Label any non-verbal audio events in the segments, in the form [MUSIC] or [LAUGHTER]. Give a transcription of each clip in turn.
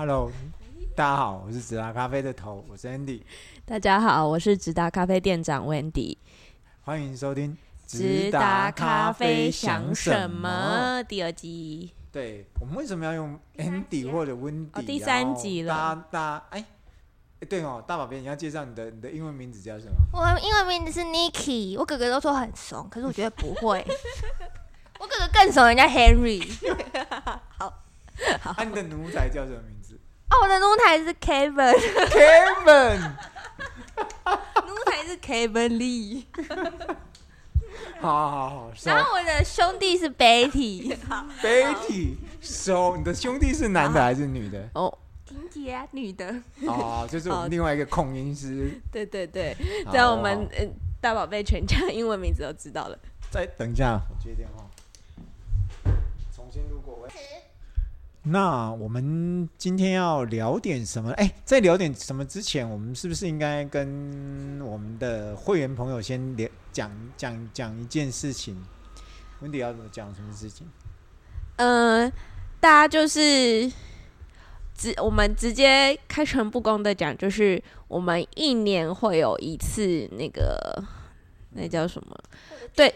Hello，大家好，我是直達咖啡的頭，我是 Andy。大家好，我是直達咖啡店長 Wendy。歡迎收聽《直達咖啡想什麼》第二集。對，我們為什麼要用 Andy 或者 Wendy？第三集了，大、大哎，對哦，大寶貝，你要介紹你的你的英文名字叫什麼？我英文名字是 Nicky，我哥哥都說很慫，可是我覺得不會。 [LAUGHS] 我哥哥更慫，人家 Henry。 [LAUGHS] 好。好好，那你的奴才叫什麼名字？哦，我的奴才是 Kevin，Kevin，奴才是 Kevin Lee。好好好，然後我的兄弟是 Betty，Betty，So，你的兄弟是男的還是女的？哦，婷姐，女的。哦，就是我們另外一個控音師。對對對，這樣我們呃大寶貝全家英文名字都知道了。再等一下，我接電話。那我們今天要聊點什麼？哎，在聊點什麼之前，我們是不是應該跟我們的會員朋友先聊講講講一件事情？溫迪要怎麼講什麼事情？呃，大家就是直，我們直接開誠布公的講，就是我們一年會有一次那個，那叫什麼？嗯、對。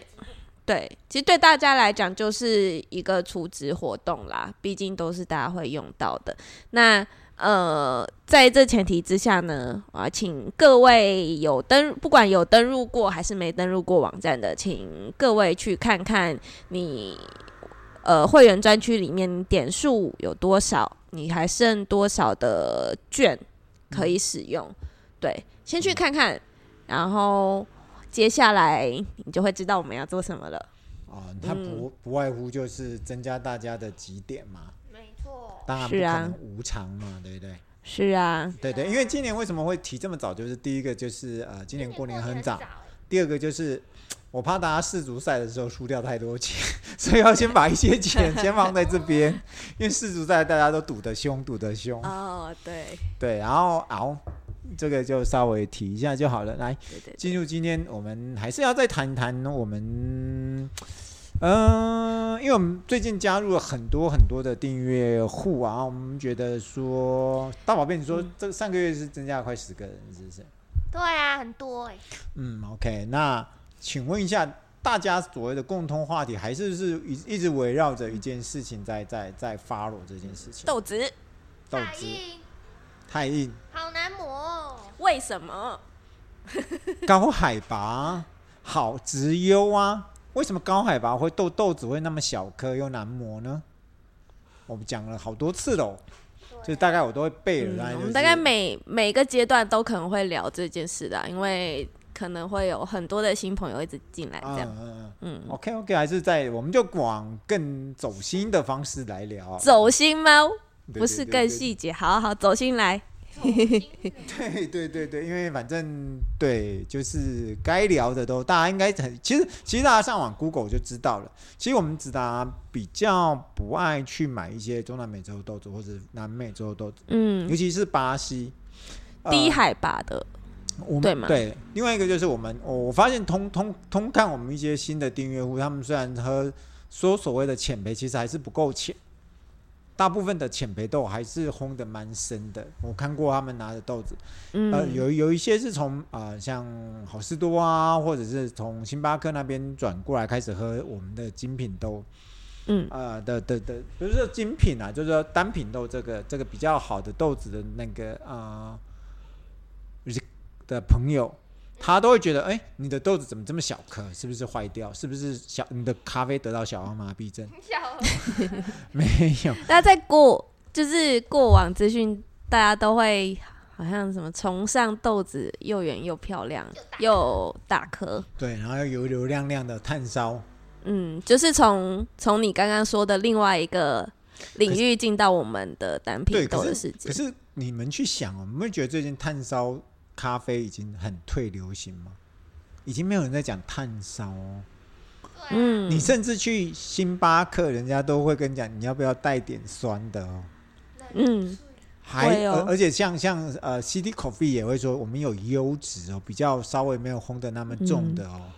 對，其實對大家來講就是一個儲值活動啦，畢竟都是大家會用到的。那呃，在這前提之下呢，啊，請各位有登，不管有登錄過還是沒登錄過網站的，請各位去看看你呃會員專區裡面點數有多少，你還剩多少的券可以使用。嗯、對，先去看看，嗯、然後。接下來你就會知道我們要做什麼了。哦，他不不外乎就是增加大家的幾點嘛。沒錯、嗯。當然不能無償嘛，對不對？是啊。對，對對，因為今年為什麼會提這麼早？就是第一個就是呃，今年過年很早。很早第二個就是我怕大家世足賽的時候輸掉太多錢，所以要先把一些錢先放在這邊。 [LAUGHS] 因為世足賽大家都賭得兇，賭得兇。哦，對。對，然後，然、哦、後。這個就稍微提一下就好了。來，對對對。進入今天我們還是要再談一談我們，嗯、呃，因為我們最近加入了很多很多的訂閱戶啊，我們覺得說，大寶貝，你說、嗯、這上個月是增加了快十個人，是不是？對啊，很多哎、欸。嗯，OK，那請問一下，大家所謂的共通話題還是是一一直圍繞着一件事情，在在在 follow 這件事情。豆子，豆子，太硬，太硬好難磨。為什麼 [LAUGHS] 高海拔好質優啊？為什麼高海拔會豆豆子會那麼小顆又難磨呢？我們講了好多次嘍，啊、就是大概我都會背了。嗯，就是、大概每每個階段都可能會聊這件事的、啊，因為可能會有很多的新朋友一直進來這樣。嗯，嗯，嗯，OK OK，還是在我們就往更走心的方式來聊、啊，走心貓不是更細節？好好，走心來。 [LAUGHS] [LAUGHS] 對對對對，因為反正對，就是該聊的都大家應該很，其實其實大家上網 Google 就知道了。其實我們直達比較不愛去買一些中南美洲豆子，或者南美洲豆子，嗯，尤其是巴西低海拔的，呃、對嗎對。另外一個就是我們，我發現通通通看我們一些新的訂閱戶，他們雖然喝說所謂的淺焙，其實還是不夠淺。大部分的淺焙豆還是烘的蠻深的，我看過他們拿的豆子，嗯，呃、有有一些是從啊、呃，像好市多啊，或者是從星巴克那邊轉過來開始喝我們的精品豆，嗯，啊、呃，的的的，比如說精品啊，就是說單品豆，這個這個比較好的豆子的那個啊、呃，的朋友。他都會覺得，哎、欸，你的豆子怎麼這麼小顆？是不是壞掉？是不是小？你的咖啡得到小王麻痹症？哦、 [LAUGHS] 沒有。大家在過就是過往資訊，大家都會好像什麼崇尚豆子又圓又漂亮又大顆，對，然後又油油亮亮的炭燒，嗯，就是從從你剛剛說的另外一個領域進到我們的單品豆的世界。可是你們去想，我們會覺得最近炭燒。咖啡已經很退流行，已經沒有人在講炭燒哦。嗯，你甚至去星巴克，人家都會跟你講，你要不要帶點酸的哦、喔？嗯，還有而且，像像呃，CD Coffee 也會說，我們有優質哦，比較稍微沒有烘得那麼重的哦。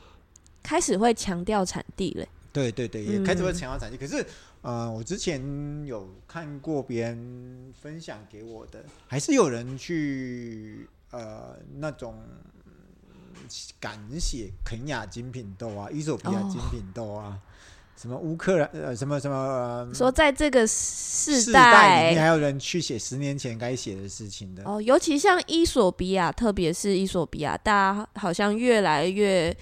開始會強調產地嘞。對對對，也開始會強調產地。可是呃，我之前有看過別人分享給我的，還是有人去。呃，那種敢寫肯亞精品豆啊，伊索比亞精品豆啊，哦、什麼烏克蘭呃，什麼什麼、呃、說在這個世代，你還有人去寫十年前該寫的事情的哦。尤其像伊索比亞，特別是伊索比亞，大家好像越來越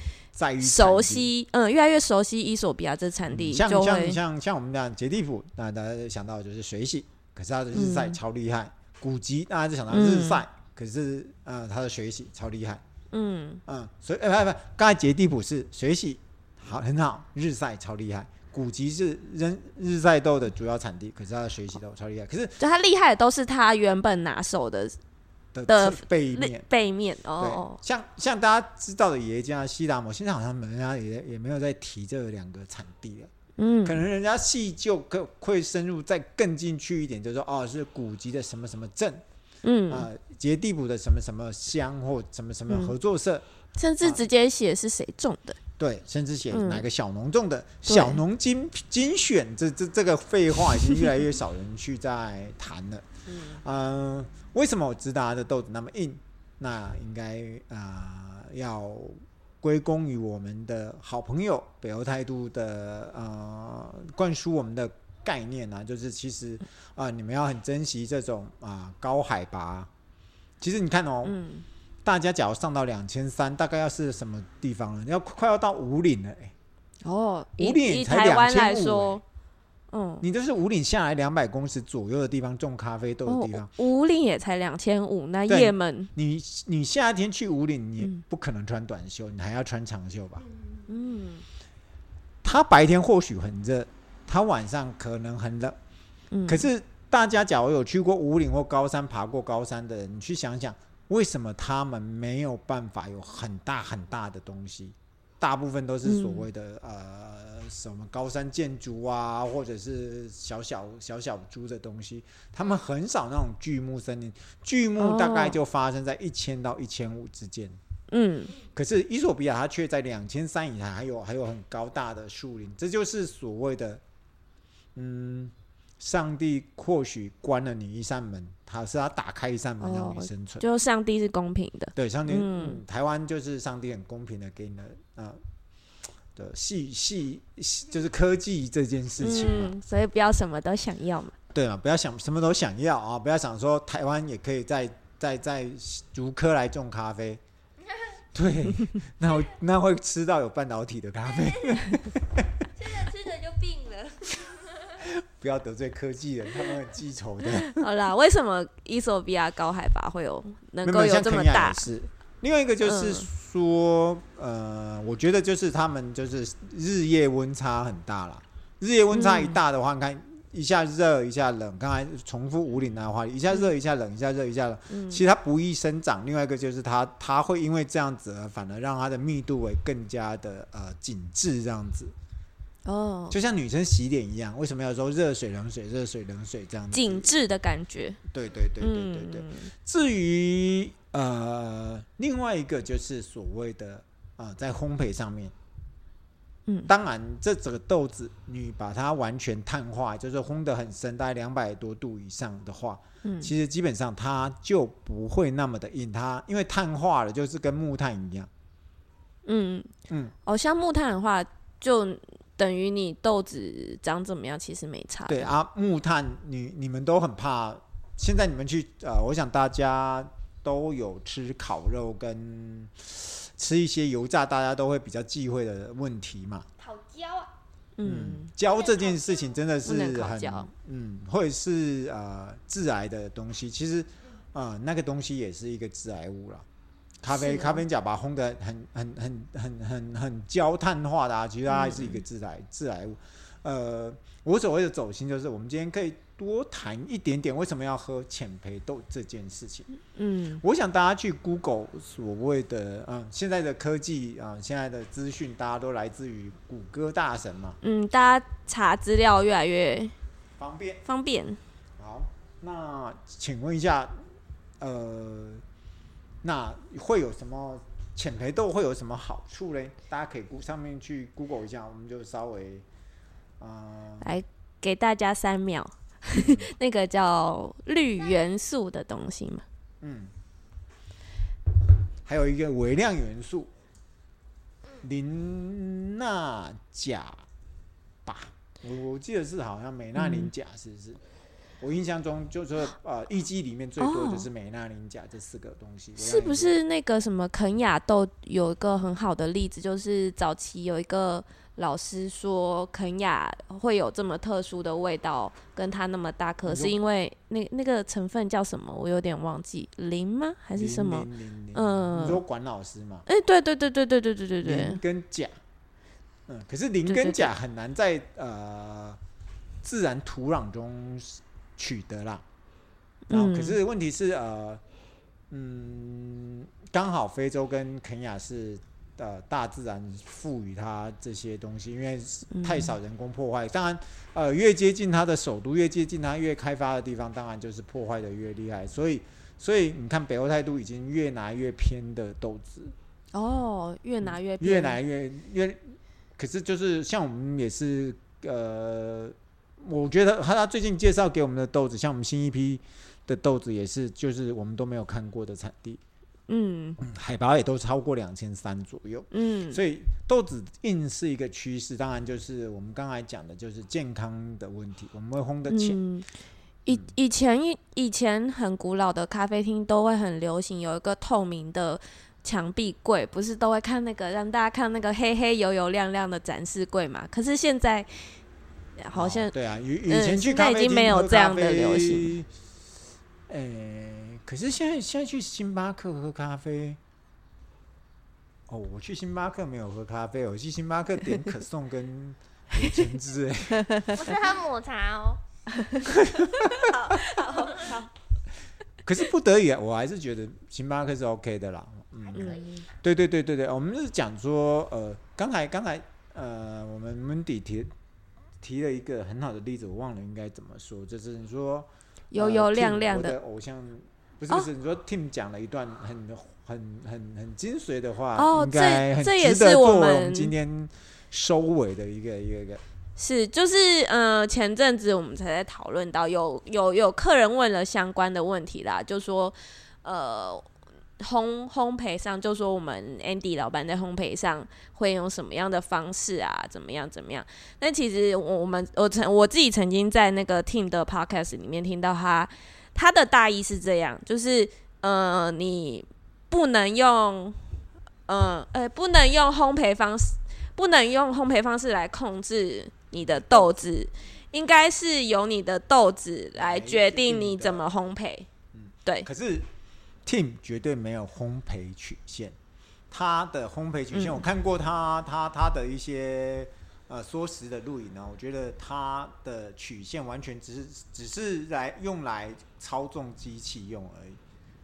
熟悉，在嗯，越來越熟悉伊索比亞這產地。嗯、像像像會像我們講杰地府，那大家就想到就是水洗，可是它的日曬超厲害。嗯、古籍大家就想到日曬。嗯嗯可是，呃、嗯，他的水洗超厲害。嗯嗯，所以，呃、欸，不不，剛才傑地普是水洗好很好，日曬超厲害。古籍是扔日曬豆的主要產地，可是他的水洗都超厲害。可是，就他厲害的都是他原本拿手的的，的背面背面，對背面哦。對，像像大家知道的爺爺家西達姆，現在好像人家也也沒有在提這兩個產地了。嗯，可能人家戲就可會深入再更進去一點，就是說哦，是古籍的什麼什麼鎮。嗯啊，傑、呃、地補的什麼什麼鄉或什麼什麼合作社，嗯、甚至直接寫是誰種的，呃嗯、對，甚至寫哪個小農種的，嗯、小農精精對選，這這這個廢話已經越來越少人去在談了。嗯、 [LAUGHS] 呃，為什麼我直達的豆子那麼硬？那應該啊、呃，要歸功於我們的好朋友北歐態度的啊、呃，灌輸我們的。概念呢、啊，就是其實啊、呃，你們要很珍惜這種啊、呃、高海拔。其實你看哦，嗯、大家假如上到兩千三，大概要是什麼地方了？你要快要到武嶺了，哎、欸、哦，武嶺以台灣來說、欸、嗯，你都是武嶺下來兩百公尺左右的地方種咖啡豆的地方，武嶺、哦、也才兩千五，那葉門，你你夏天去武嶺，嗯、你不可能穿短袖，你還要穿長袖吧？嗯，嗯他白天或許很熱。他晚上可能很冷，嗯、可是大家，假如有去過武嶺或高山爬過高山的人，你去想想，為什麼他們沒有辦法有很大很大的東西？大部分都是所謂的、嗯、呃什麼高山建築啊，或者是小小小小豬的東西，他們很少那種巨木森林。巨木大概就發生在一千、哦、到一千五之間，嗯，可是伊索比亞它卻在兩千三以上，還有還有很高大的樹林，這就是所謂的。嗯，上帝或許關了你一扇門，他是要打開一扇門讓你生存。哦、就上帝是公平的。對，上帝，嗯嗯、台灣就是上帝很公平的給你的啊、呃。對，細細就是科技這件事情嘛、嗯，所以不要什麼都想要嘛。對啊，不要想什麼都想要啊！不要想說台灣也可以在在在竹科來種咖啡。 [LAUGHS] 對，那那會吃到有半導體的咖啡。現在對 [LAUGHS] 吃着就病了。不要得罪科技人，他們很記仇的。 [LAUGHS] 好啦，為什麼伊索比亞高海拔會有能夠有像這麼大？是另外一個就是說，嗯、呃，我覺得就是他們就是日夜溫差很大啦。日夜溫差一大的話，嗯、你看一下熱一下冷，剛才重複無領、啊、的話，一下熱一下冷，一下熱一下冷，一下熱一下冷，嗯、其實它不易生長。另外一個就是它，它會因為這樣子，反而讓它的密度會更加的呃緊緻這樣子。哦，oh, 就像女生洗臉一樣，為什麼要說熱水、冷水、熱水、冷水這樣？緊緻的感覺。對對對對對對、對、嗯。至於呃，另外一個就是所謂的啊、呃，在烘焙上面，嗯，當然這整個豆子你把它完全碳化，就是烘得很深，大概兩百多度以上的話，嗯，其實基本上它就不會那麼的硬，它因為碳化了，就是跟木炭一樣。嗯嗯。嗯哦，像木炭的話，就。等於你豆子長怎麼樣，其實沒差。對啊，木炭你你們都很怕。現在你們去呃，我想大家都有吃烤肉跟吃一些油炸，大家都會比較忌諱的問題嘛。烤焦啊。嗯，焦這件事情真的是很焦，嗯，或者是呃致癌的東西。其實啊、呃，那個東西也是一個致癌物了。咖啡，嗎咖啡腳把它烘得很很很很很焦炭化的啊，其實它還是一個致癌致癌物。呃，我所謂的走心就是，我們今天可以多談一點點，為什麼要喝淺焙豆這件事情。嗯，我想大家去 Google 所謂的嗯、呃，現在的科技啊、呃，現在的資訊，大家都來自於谷歌大神嘛。嗯，大家查資料越來越方便方便。好，那請問一下，呃。那會有什麼淺焙豆會有什麼好處呢？大家可以 g 上面去 Google 一下，我們就稍微啊，呃、來給大家三秒，嗯、 [LAUGHS] 那個叫綠元素的東西嘛。嗯，還有一個微量元素，磷、鈉、鉀、吧。我我記得是好像鎂、鈉、磷、鉀、嗯，是不是？我印象中就是呃，一季裡面最多的是鎂、鈉、磷、鉀這四個東西。哦、是不是那個什麼肯亞豆有一個很好的例子？就是早期有一個老師說肯亞會有這麼特殊的味道，跟它那麼大顆，是因為那說那，那個成分叫什麼？我有點忘記，磷嗎？還是什麼？磷磷嗯，你說管老師嗎？哎、欸，對對對對對對對對對。磷跟鉀，嗯，可是磷跟鉀很難在對對對呃自然土壤中。取得啦，然後可是問題是，呃，嗯，剛好非洲跟肯亞是呃，大自然賦予它這些東西，因為太少人工破壞。當然，呃，越接近它的首都，越接近它越開發的地方，當然就是破壞的越厲害。所以，所以你看，北歐態度已經越拿越偏的豆子，哦，越拿越越拿越越，可是就是像我們也是呃。我覺得他他最近介紹給我們的豆子，像我們新一批的豆子，也是就是我們都沒有看過的產地，嗯，嗯，海拔也都超過兩千三左右，嗯，所以豆子硬是一個趨勢。當然就是我們剛才講的，就是健康的問題。我們會烘得淺、嗯嗯，以以前以前很古老的咖啡廳都會很流行有一個透明的牆壁櫃，不是都會看那個讓大家看那個黑黑油油亮亮的展示櫃嘛？可是現在。好像、哦、對啊，以以前去咖、嗯、已經沒有這樣的流行。誒、欸，可是現在現在去星巴克喝咖啡，哦，我去星巴克沒有喝咖啡，我去星巴克點可頌跟甜芝，不是喝抹茶哦。 [LAUGHS] 可是不得已啊，我還是覺得星巴克是 OK 的啦。嗯，你對對對對對，我們是講說，呃，剛才剛才，呃，我們蒙地田。提了一個很好的例子，我忘了應該怎麼說。就是你說，油油亮亮的、呃、Tim 我的偶像，不是不是，哦、你說 Tim 講了一段很很很很精髓的話，哦，這這也是我們今天收尾的一個一個一個。是，是，就是呃，前陣子我們才在討論到有有有客人問了相關的問題啦，就說呃。烘烘焙上就說我們 Andy 老闆在烘焙上會用什麼樣的方式啊？怎麼樣怎麼樣？那其實我們我曾我自己曾經在那個 Team 的 Podcast 裡面聽到他，他的大意是這樣，就是呃，你不能用，呃呃、欸，不能用烘焙方式，不能用烘焙方式來控制你的豆子，對應該是由你的豆子來決定你怎麼烘焙。嗯，對，對，可是。Tim 絕對沒有烘焙曲線，他的烘焙曲線，嗯、我看過他他他的一些呃縮時的錄影呢，我覺得他的曲線完全只是只是來用來操縱機器用而已。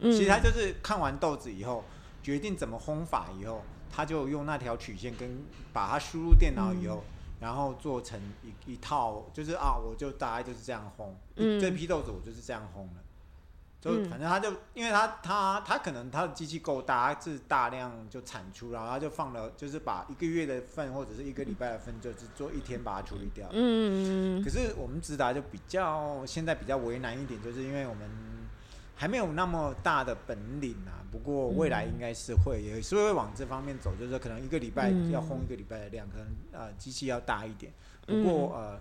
嗯，其實他就是看完豆子以後，決定怎麼烘法以後，他就用那條曲線跟把它輸入電腦以後，嗯、然後做成一一套，就是啊，我就大概就是這樣烘，嗯、這批豆子我就是這樣烘的。就反正他就，因為他他他可能他的機器夠大，他是大量就產出，然後他就放了，就是把一個月的份或者是一個禮拜的份，就是做一天把它處理掉。嗯。可是我們直達就比較現在比較為難一點，就是因為我們還沒有那麼大的本領啊。不過未來應該是會，也是會往這方面走，就是說可能一個禮拜要烘一個禮拜的量，可能呃、啊、機器要大一點。不過呃。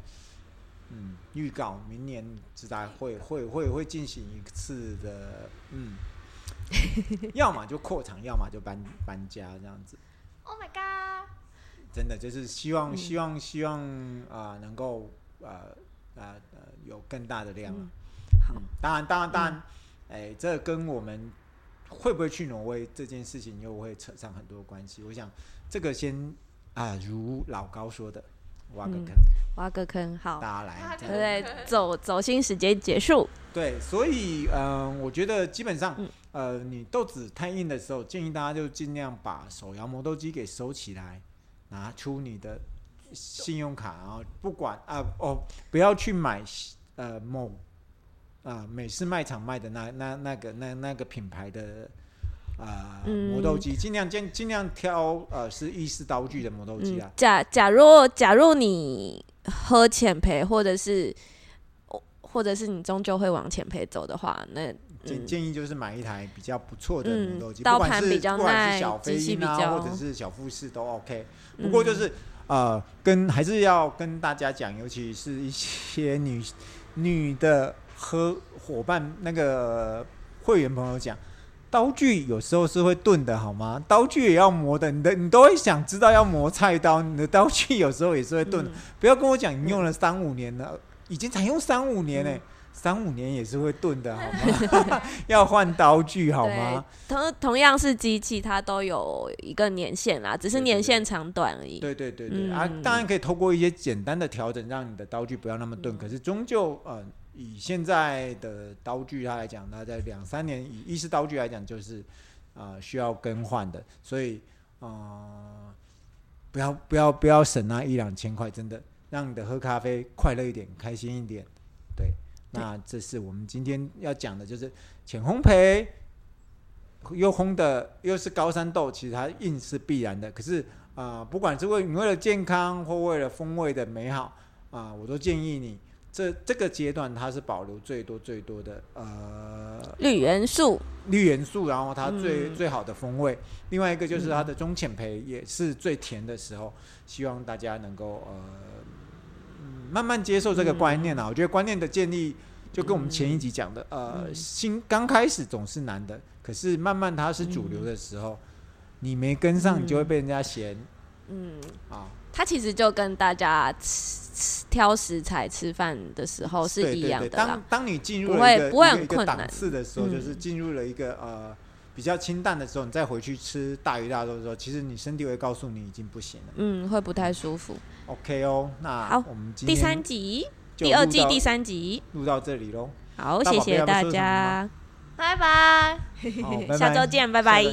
嗯，預告明年直達會會會會進行一次的，嗯， [LAUGHS] 要麼就擴廠，要麼就搬搬家這樣子。Oh my god！真的就是希望希望、嗯、希望啊、呃，能夠啊啊有更大的量。嗯、好、嗯，當然當然當然，哎、嗯欸，這跟我們會不會去挪威這件事情又會扯上很多關係。我想這個先啊、呃，如老高說的。挖個坑、嗯，挖個坑，好，大家來，對，對，走走心時間結束。對，所以，嗯、呃，我覺得基本上，呃，你豆子太硬的時候，嗯、建議大家就盡量把手搖磨豆機給收起來，拿出你的信用卡，然後不管啊，哦，不要去買呃某啊美式賣場賣的那那那個那那個品牌的。啊，磨豆機盡量盡盡量挑呃是意式刀具的磨豆機啊。假假若假如你喝淺焙或者是，或者是你終究會往淺焙走的話，那、嗯、建建議就是買一台比較不錯的磨豆機、嗯，刀盤比較耐，不管是小飛鷹、啊、機比較，或者是小富士都 OK。不過就是、嗯、呃跟還是要跟大家講，尤其是一些女女的和夥伴那個會員朋友講。刀具有時候是會鈍的，好嗎？刀具也要磨的，你的你都會想知道要磨菜刀。你的刀具有時候也是會鈍，嗯、不要跟我講你、嗯、用了三五年了，已經才用三五年嘞，嗯、三五年也是會鈍的，好嗎？ [LAUGHS] [LAUGHS] 要換刀具，好嗎？同同樣是機器，它都有一個年限啦，只是年限長短而已。對，對對對對，嗯、啊，當然可以透過一些簡單的調整，讓你的刀具不要那麼鈍。嗯、可是終究，嗯、呃。以現在的刀具它來講，那在兩三年以意式刀具來講，就是啊、呃、需要更換的，所以啊、呃、不要不要不要省那、啊、一兩千塊，真的讓你的喝咖啡快樂一點，開心一點。對，對，那這是我們今天要講的，就是淺烘焙，又烘的又是高山豆，其實它硬是必然的。可是啊、呃，不管是為你為了健康或為了風味的美好啊、呃，我都建議你。這這個階段，它是保留最多最多的呃綠元素，綠元素，然後它最、嗯、最好的風味。另外一個就是它的中淺焙，也是最甜的時候，嗯、希望大家能夠呃、嗯，慢慢接受這個觀念啊、嗯。我覺得觀念的建立，就跟我們前一集講的，嗯、呃，對新剛開始總是難的，可是慢慢它是主流的時候，嗯、你沒跟上，你就會被人家嫌。嗯，啊。它其實就跟大家吃,吃挑食材吃飯的時候是一樣的、啊、對對對當當你進入了不會不會很困難一個一個檔次的時候，嗯、就是進入了一個呃比較清淡的時候，你再回去吃大魚大肉的時候，其實你身體會告訴你已經不行了。嗯，會不太舒服。OK 哦，那好，我們今天第三集第二季第三集錄到這裡嘍。好，謝謝大家，拜拜， [LAUGHS] 下周見，拜拜。